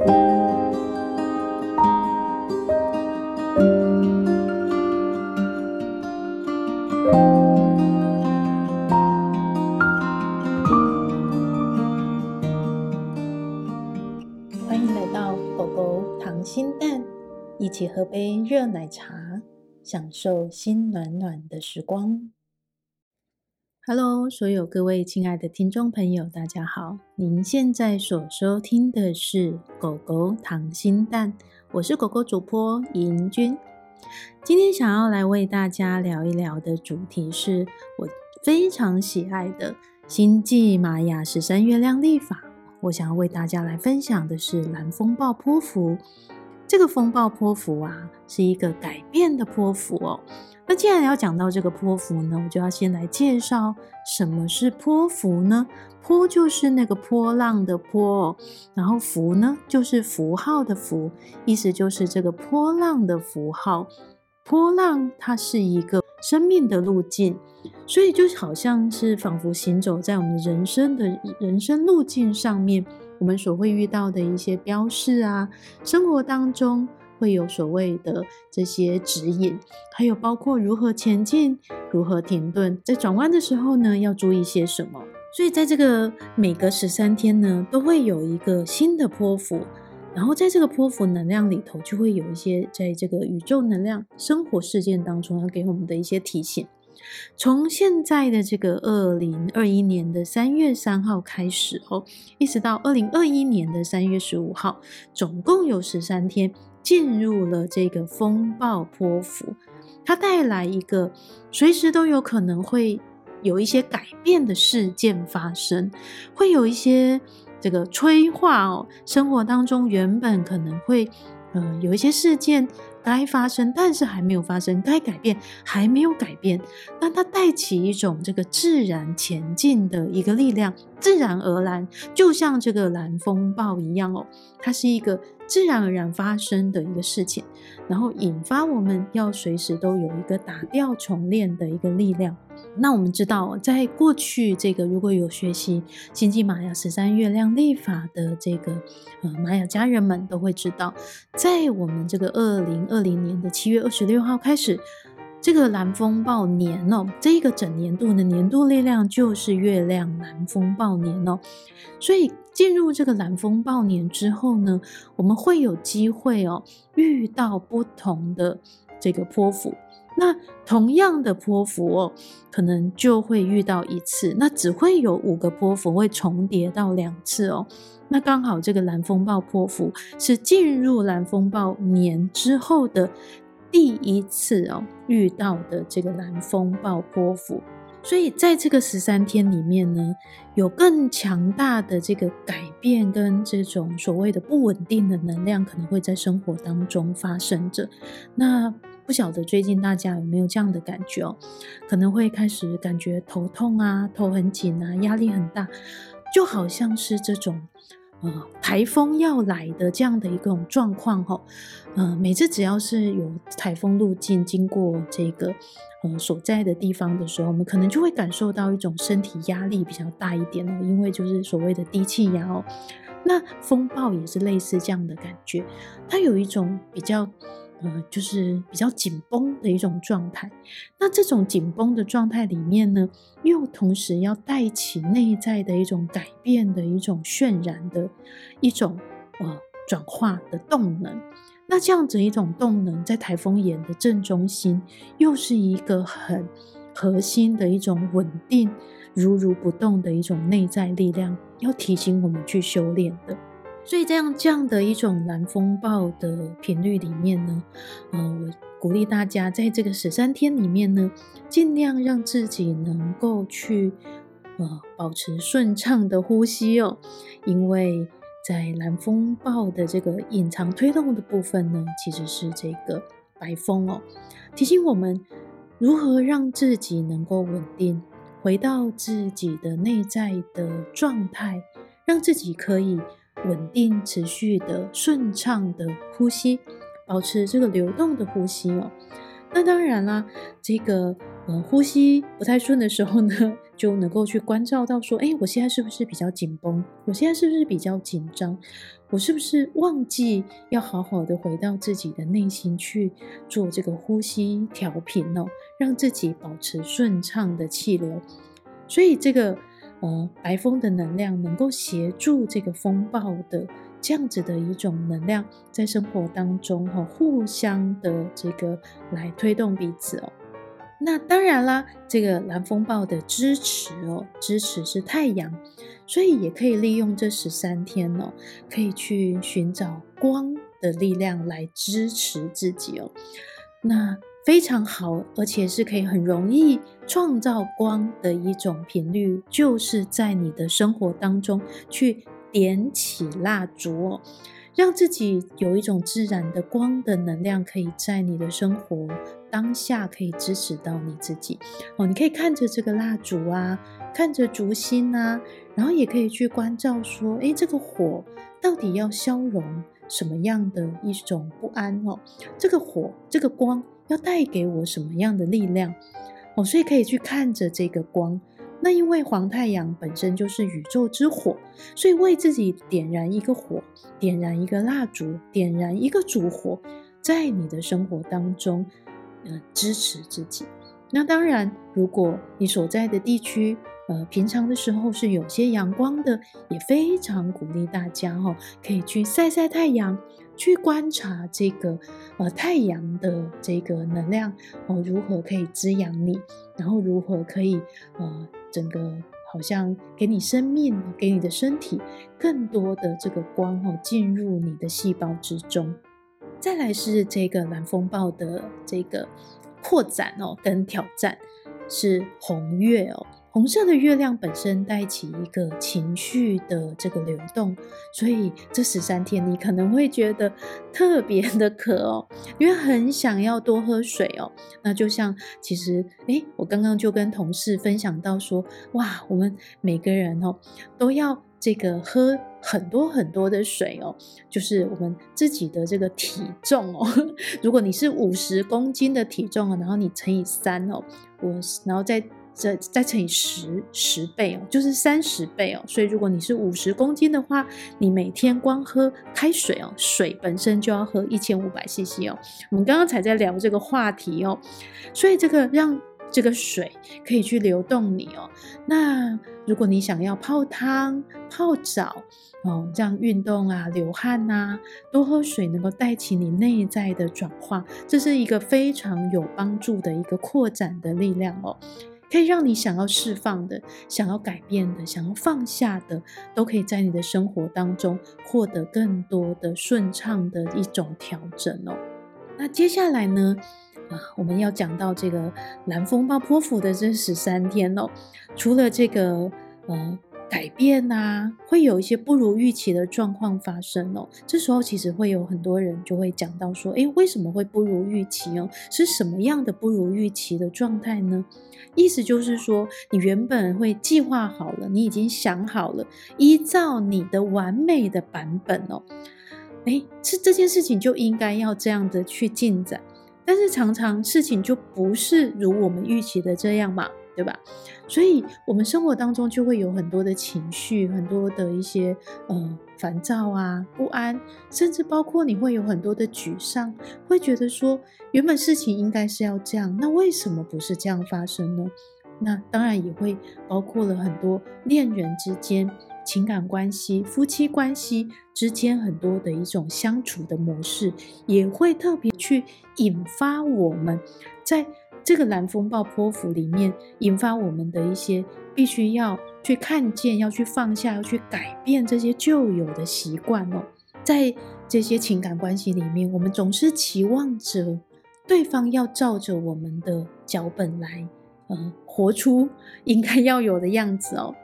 歡迎來到狗狗糖心蛋，一起喝杯熱奶茶，享受心暖暖的時光。Hello，所有各位親愛的聽眾朋友，大家好！您現在所收聽的是《狗狗溏心蛋》，我是狗狗主播尹君。今天想要來為大家聊一聊的主題是我非常喜愛的《星際瑪雅十三月亮立法》。我想要為大家來分享的是《藍風暴潑》鋪符。這個風暴波符啊，是一個改變的波符哦。那既然要講到這個波符呢，我就要先來介紹什麼是波符呢？波就是那個波浪的波哦，然後符呢就是符號的符，意思就是這個波浪的符號。波浪它是一個生命的路徑，所以就好像是仿佛行走在我們人生的人生路徑上面。我們所會遇到的一些標示啊，生活當中會有所謂的這些指引，還有包括如何前進，如何停頓，在轉彎的時候呢，要注意些什麼。所以在這個每隔十三天呢，都會有一個新的波符，然後在這個波符能量裡頭，就會有一些在這個宇宙能量生活事件當中要給我們的一些提醒。從現在的這個二零二一年的三月三號開始哦，一直到二零二一年的三月十五號，總共有十三天進入了這個風暴波符，它帶來一個隨時都有可能會有一些改變的事件發生，會有一些這個催化哦，生活當中原本可能會有一些事件。該發生，但是還沒有發生；該改變，還沒有改變。但它帶起一種這個自然前進的一個力量，自然而然，就像這個藍風暴一樣哦，它是一個。自然而然發生的一個事情，然後引發我們要隨時都有一個打掉重練的一個力量。那我們知道，在過去這個如果有學習星際瑪雅十三月亮曆法的這個呃瑪雅家人們都會知道，在我們這個二零二零年的七月二十六號開始。這個藍風暴年哦，這一個整年度呢，年度力量就是月亮藍風暴年哦，所以進入這個藍風暴年之後呢，我們會有機會哦遇到不同的這個波符，那同樣的波符哦，可能就會遇到一次，那只會有五個波符會重疊到兩次哦，那剛好這個藍風暴波符是進入藍風暴年之後的。第一次哦遇到的這個藍風暴波符，所以在這個十三天裡面呢，有更強大的這個改變跟這種所謂的不穩定的能量可能會在生活當中發生着。那不曉得最近大家有沒有這樣的感覺哦？可能會開始感覺頭痛啊，頭很緊啊，壓力很大，就好像是這種。呃，颱風要來的這樣的一個種狀況哦，呃，每次只要是有颱風路徑經過這個、呃、所在的地方的時候，我們可能就會感受到一種身體壓力比較大一點哦，因為就是所謂的低氣壓哦，那風暴也是類似這樣的感覺，它有一種比較。呃，就是比較緊繃的一種狀態。那這種緊繃的狀態裡面呢，又同時要帶起內在的一種改變的一種渲染的一種呃轉化的動能。那這樣子一種動能，在台風眼的正中心，又是一個很核心的一種穩定，如如不動的一種內在力量，要提醒我們去修煉的。所以這樣這樣的一種藍風暴的頻率裡面呢，呃，我鼓勵大家在這個十三天裡面呢，盡量讓自己能夠去，呃，保持順暢的呼吸哦，因為在藍風暴的這個隱藏推動的部分呢，其實是這個白風哦，提醒我們如何讓自己能夠穩定，回到自己的內在的狀態，讓自己可以。穩定、持續的、順暢的呼吸，保持這個流動的呼吸哦。那當然啦，這個呃呼吸不太順的時候呢，就能夠去關照到說，哎，我現在是不是比較緊繃？我現在是不是比較緊張？我是不是忘記要好好的回到自己的內心去做這個呼吸調頻哦，讓自己保持順暢的氣流。所以這個。呃，白風的能量能夠協助這個風暴的這樣子的一種能量，在生活當中哦，互相的這個來推動彼此哦。那當然啦，這個藍風暴的支持哦，支持是太陽，所以也可以利用這十三天哦，可以去尋找光的力量來支持自己哦。那。非常好，而且是可以很容易創造光的一種頻率，就是在你的生活當中去點起蠟燭，讓自己有一種自然的光的能量，可以在你的生活當下可以支持到你自己。哦，你可以看着這個蠟燭啊，看着燭芯啊，然後也可以去關照說：誒、欸，這個火到底要消融。什麼樣的一種不安哦？這個火，這個光，要帶給我什麼樣的力量哦？所以可以去看着這個光。那因為黃太陽本身就是宇宙之火，所以為自己點燃一個火，點燃一個蠟燭，點燃一個燭火，在你的生活當中，呃，支持自己。那當然，如果你所在的地區，呃，平常的時候是有些陽光的，也非常鼓勵大家哈哦，可以去晒晒太陽，去觀察這個呃太陽的這個能量哦，如何可以滋養你，然後如何可以呃整個好像給你生命，給你的身體更多的這個光哦，進入你的細胞之中。再來是這個藍風暴的這個擴展哦，跟挑戰是紅月哦。紅色的月亮本身帶起一個情緒的這個流動，所以這十三天你可能會覺得特別的渴哦，因為很想要多喝水哦。那就像其實，欸，我剛剛就跟同事分享到說，哇，我們每個人哦，都要這個喝很多很多的水哦，就是我們自己的這個體重哦。如果你是五十公斤的體重，然後你乘以三哦，我然後再。再再乘以十十倍哦，就是三十倍哦。所以如果你是五十公斤的話，你每天光喝開水哦，水本身就要喝一千五百 CC 哦。我們剛剛才在聊這個話題哦，所以這個讓這個水可以去流動你哦。那如果你想要泡湯、泡澡哦，這樣運動啊流汗啊多喝水，能夠帶起你內在的轉化，這是一個非常有幫助的一個擴展的力量哦。可以讓你想要釋放的、想要改變的、想要放下的，都可以在你的生活當中獲得更多的順暢的一種調整哦。那接下來呢？啊，我們要講到這個藍風暴波符的這十三天哦，除了這個，呃。改變啊，會有一些不如預期的狀況發生哦、喔。這時候其實會有很多人就會講到說：“哎、欸，為什麼會不如預期哦、喔？是什麼樣的不如預期的狀態呢？”意思就是說，你原本會計劃好了，你已經想好了，依照你的完美的版本哦、喔，哎、欸，是這件事情就應該要這樣的去進展，但是常常事情就不是如我們預期的這樣嘛。對吧？所以我們生活當中就會有很多的情緒，很多的一些呃煩躁啊、不安，甚至包括你會有很多的沮喪，會覺得說原本事情應該是要這樣，那為什麼不是這樣發生呢？那當然也會包括了很多戀人之間情感關係、夫妻關係之間很多的一種相處的模式，也會特別去引發我們在。這個藍風暴波符裡面引發我們的一些必須要去看見、要去放下、要去改變這些舊有的習慣哦。在這些情感關係裡面，我們總是期望着對方要照着我們的腳本來，呃，活出應該要有的樣子哦。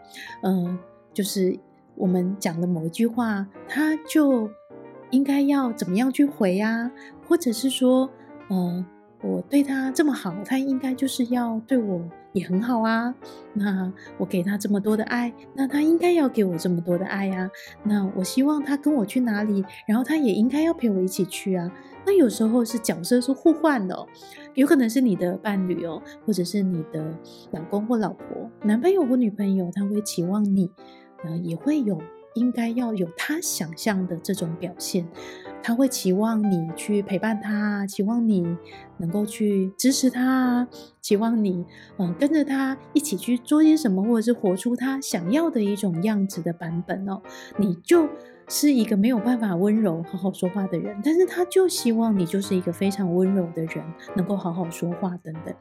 嗯、呃，就是我們講的某一句話，他就應該要怎麼樣去回啊？或者是說，呃我對他這麼好，他應該就是要對我也很好啊。那我給他這麼多的愛，那他應該要給我這麼多的愛啊。那我希望他跟我去哪裡，然後他也應該要陪我一起去啊。那有時候是角色是互換的哦，有可能是你的伴侶哦，或者是你的老公或老婆、男朋友或女朋友，他會期望你，呃，也會有。應該要有他想象的這種表現，他會期望你去陪伴他，期望你能夠去支持他，期望你嗯、呃、跟着他一起去做些什麼，或者是活出他想要的一種樣子的版本哦。你就是一個沒有辦法溫柔、好好說話的人，但是他就希望你就是一個非常溫柔的人，能夠好好說話等等。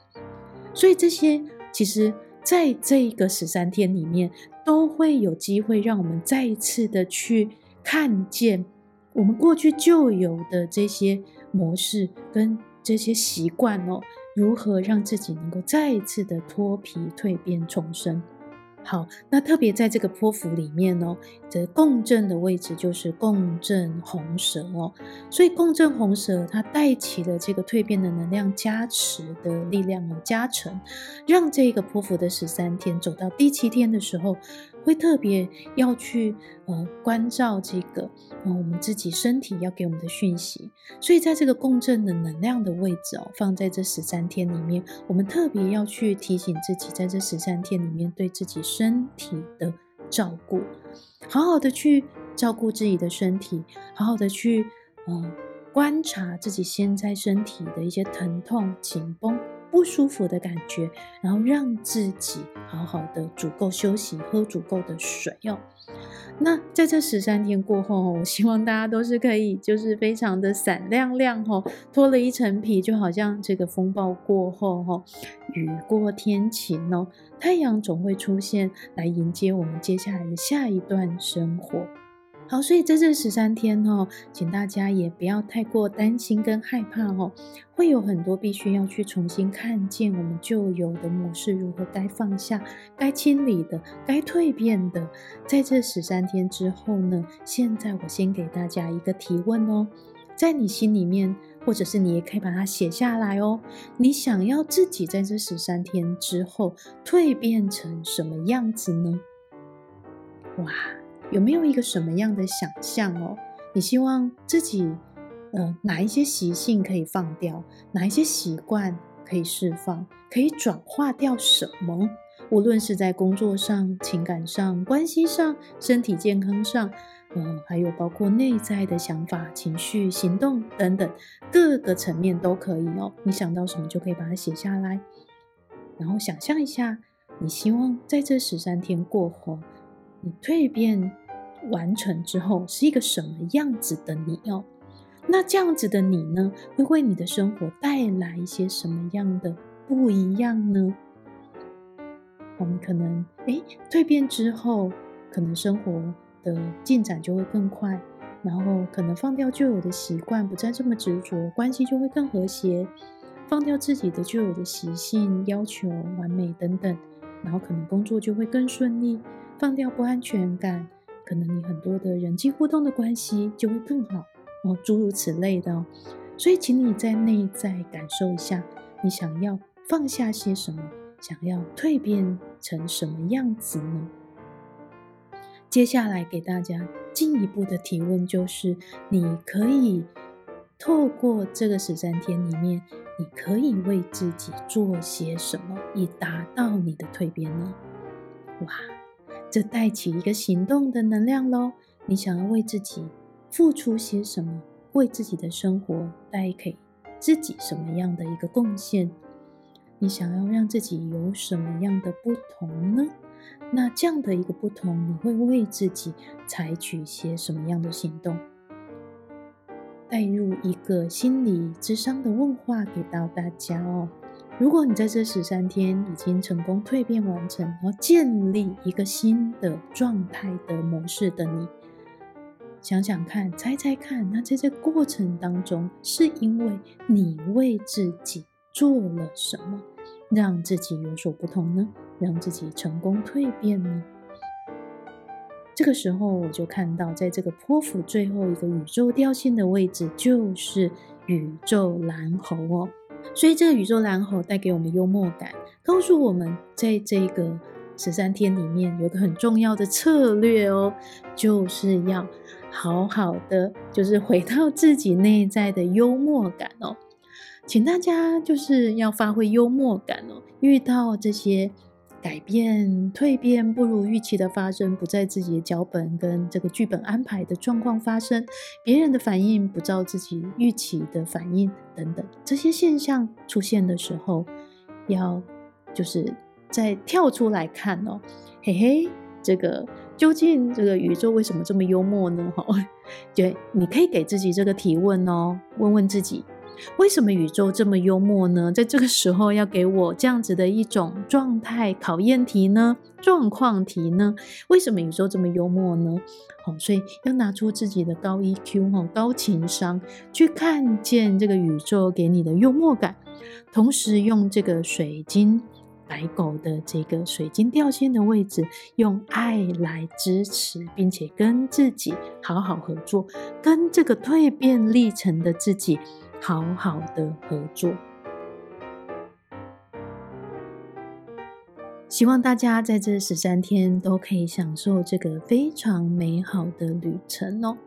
所以這些其實。在這個十三天裡面，都會有機會讓我們再一次的去看見我們過去舊有的這些模式跟這些習慣哦，如何讓自己能夠再一次的脫皮、蛻變、重生。好，那特別在這個波符裡面哦，這共振的位置就是共振紅蛇哦，所以共振紅蛇它帶起了這個蛻變的能量加持的力量和加成，讓這個波符的十三天走到第七天的時候。會特別要去呃關照這個啊、呃、我們自己身體要給我們的訊息，所以在這個共振的能量的位置哦，放在這十三天裡面，我們特別要去提醒自己，在這十三天裡面對自己身體的照顧，好好的去照顧自己的身體，好好的去嗯、呃、觀察自己現在身體的一些疼痛、緊繃。不舒服的感覺，然後讓自己好好的足夠休息，喝足夠的水哦，那在這十三天過後我希望大家都是可以，就是非常的閃亮亮哦，脫了一層皮，就好像這個風暴過後哦，雨過天晴哦，太陽總會出現來迎接我們接下來的下一段生活。好，所以在這十三天哦，請大家也不要太過擔心跟害怕哦，會有很多必須要去重新看見我們舊有的模式，如何該放下、該清理的、該蛻變的。在這十三天之後呢，現在我先給大家一個提問哦，在你心裡面，或者是你也可以把它寫下來哦，你想要自己在這十三天之後蛻變成什麼樣子呢？哇！有沒有一個什麼樣的想象哦？你希望自己，呃，哪一些習性可以放掉？哪一些習慣可以釋放？可以轉化掉什麼？無論是在工作上、情感上、關係上、身體健康上，嗯、呃，還有包括內在的想法、情緒、行動等等各個層面都可以哦。你想到什麼就可以把它寫下來，然後想象一下，你希望在這十三天過後。你蛻變完成之後是一個什麼樣子的你哦？那這樣子的你呢，會為你的生活帶來一些什麼樣的不一樣呢？我們可能誒，蛻變之後，可能生活的進展就會更快，然後可能放掉舊有的習慣，不再這麼執着，關係就會更和諧；放掉自己的舊有的習性，要求完美等等，然後可能工作就會更順利。放掉不安全感，可能你很多的人際互動的關係就會更好哦，諸如此類的哦。所以，請你在內在感受一下，你想要放下些什麼，想要蛻變成什麼樣子呢？接下來給大家進一步的提問，就是你可以透過這個十三天裡面，你可以為自己做些什麼，以達到你的蛻變呢？哇！這帶起一個行動的能量咯。你想要為自己付出些什麼？為自己的生活帶給自己什麼樣的一個貢獻？你想要讓自己有什麼樣的不同呢？那這樣的一個不同，你會為自己採取些什麼樣的行動？帶入一個心理諮商的問話給到大家哦。如果你在這十三天已經成功蛻變完成，然後建立一個新的狀態的模式的你，想想看，猜猜看，那在這，這過程當中，是因為你為自己做了什麼，讓自己有所不同呢？讓自己成功蛻變呢？這個時候，我就看到，在這個波符最後一個宇宙調性的位置，就是宇宙藍猴哦。所以，這個宇宙藍猴帶給我們幽默感，告訴我們在，在這個十三天裡面，有個很重要的策略哦，就是要好好的，就是回到自己內在的幽默感哦，請大家就是要發揮幽默感哦，遇到這些。改變、蛻變不如預期的發生，不在自己的腳本跟這個劇本安排的狀況發生，別人的反應不照自己預期的反應等等，這些現象出現的時候，要就是再跳出來看哦、喔，嘿嘿，這個究竟這個宇宙為什麼這麼幽默呢？哈，對，你可以給自己這個提問哦、喔，問問自己。為什麼宇宙這麼幽默呢？在這個時候要給我這樣子的一種狀態考驗題呢？狀況題呢？為什麼宇宙這麼幽默呢？好、哦，所以要拿出自己的高 EQ 高情商去看見這個宇宙給你的幽默感，同時用這個水晶白狗的這個水晶調性的位置，用愛來支持，並且跟自己好好合作，跟這個蛻變歷程的自己。好好的合作，希望大家在這十三天都可以享受這個非常美好的旅程哦。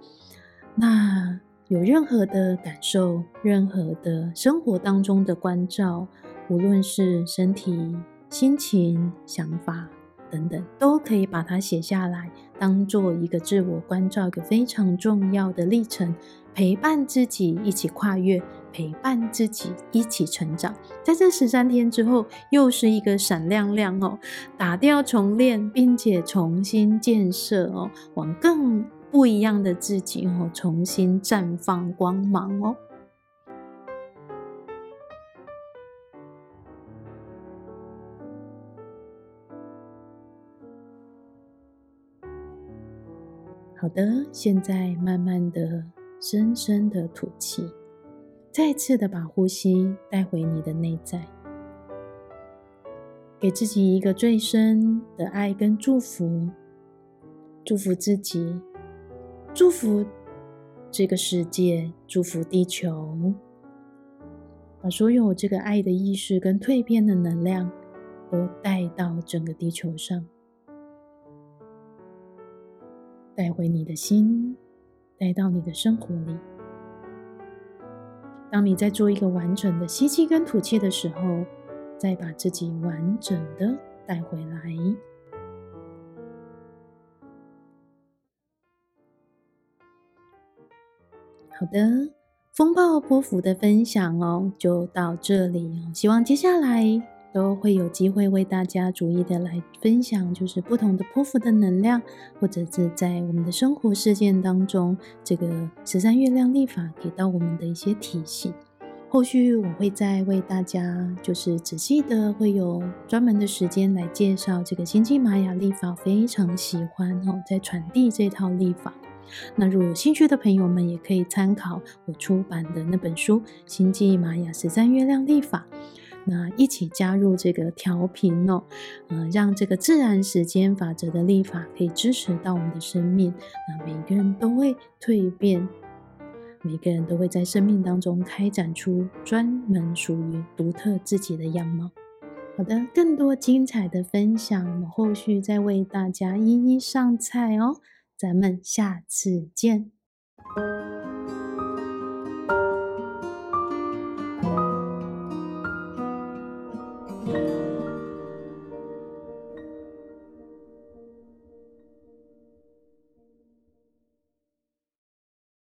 那有任何的感受、任何的生活當中的關照，無論是身體、心情、想法等等，都可以把它寫下來，當做一個自我關照一個非常重要的歷程。陪伴自己一起跨越，陪伴自己一起成長。在這十三天之後，又是一個閃亮亮哦，打掉重練，並且重新建設哦，往更不一樣的自己哦，重新綻放光芒哦。好的，現在慢慢的。深深的吐氣，再次的把呼吸帶回你的內在，給自己一個最深的愛跟祝福，祝福自己，祝福這個世界，祝福地球，把所有這個愛的意識跟蛻變的能量，都帶到整個地球上，帶回你的心。帶到你的生活裡。當你在做一個完整的吸氣跟吐氣的時候，再把自己完整的帶回來。好的，風暴波符的分享哦，就到這裡哦。希望接下來。都會有機會為大家逐一的來分享，就是不同的波符的能量，或者是在我們的生活事件當中，這個十三月亮曆法給到我們的一些提醒。後續我會再為大家，就是仔細的會有專門的時間來介紹這個星際瑪雅曆法。非常喜歡哦，在傳遞這套曆法。那如果有興趣的朋友們，也可以參考我出版的那本書《星際瑪雅十三月亮曆法》。那一起加入這個調頻哦，呃，讓這個自然時間法則的立法可以支持到我們的生命。那每個人都會蛻變，每個人都會在生命當中開展出專門屬於獨特自己的樣貌。好的，更多精彩的分享，我後續再為大家一一上菜哦。咱們下次見。